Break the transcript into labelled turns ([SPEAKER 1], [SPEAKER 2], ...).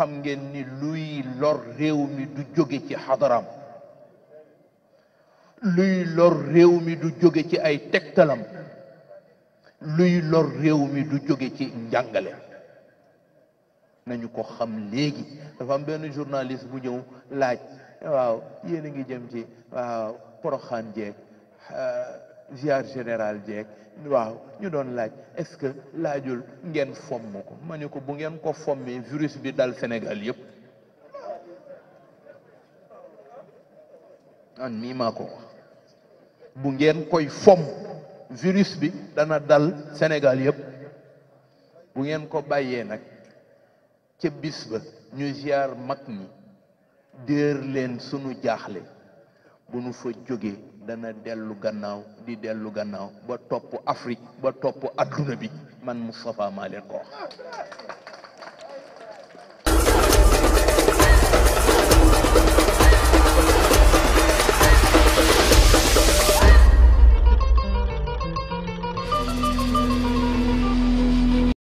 [SPEAKER 1] xam ngeen ni luy lor réew mi du jóge ci xataram luy lor réew mi du jóge ci ay tektalam luy lor réew mi du jóge ci njàngale nañu ko xam léegi dafa am benn journaliste bu ñëw laaj waaw yéen a ngi jëm ci waaw poroxaan jeeg ziar général jeeg waaw ñu doon laaj est-ce que laajul ngeen fomm ko ko bu ngeen ko fommee virus bi dal Sénégal yëpp an ko bu ngeen koy fomm virus bi dana dal Sénégal yëpp bu ngeen ko bàyyee nag ca bis ba ñu ziar mag ñi déer leen sunu jaaxle bu nu fa jógee dana dellu gannaaw di dellu gannaaw ba topp Afrique ba topp adduna bi man Moustapha maa ko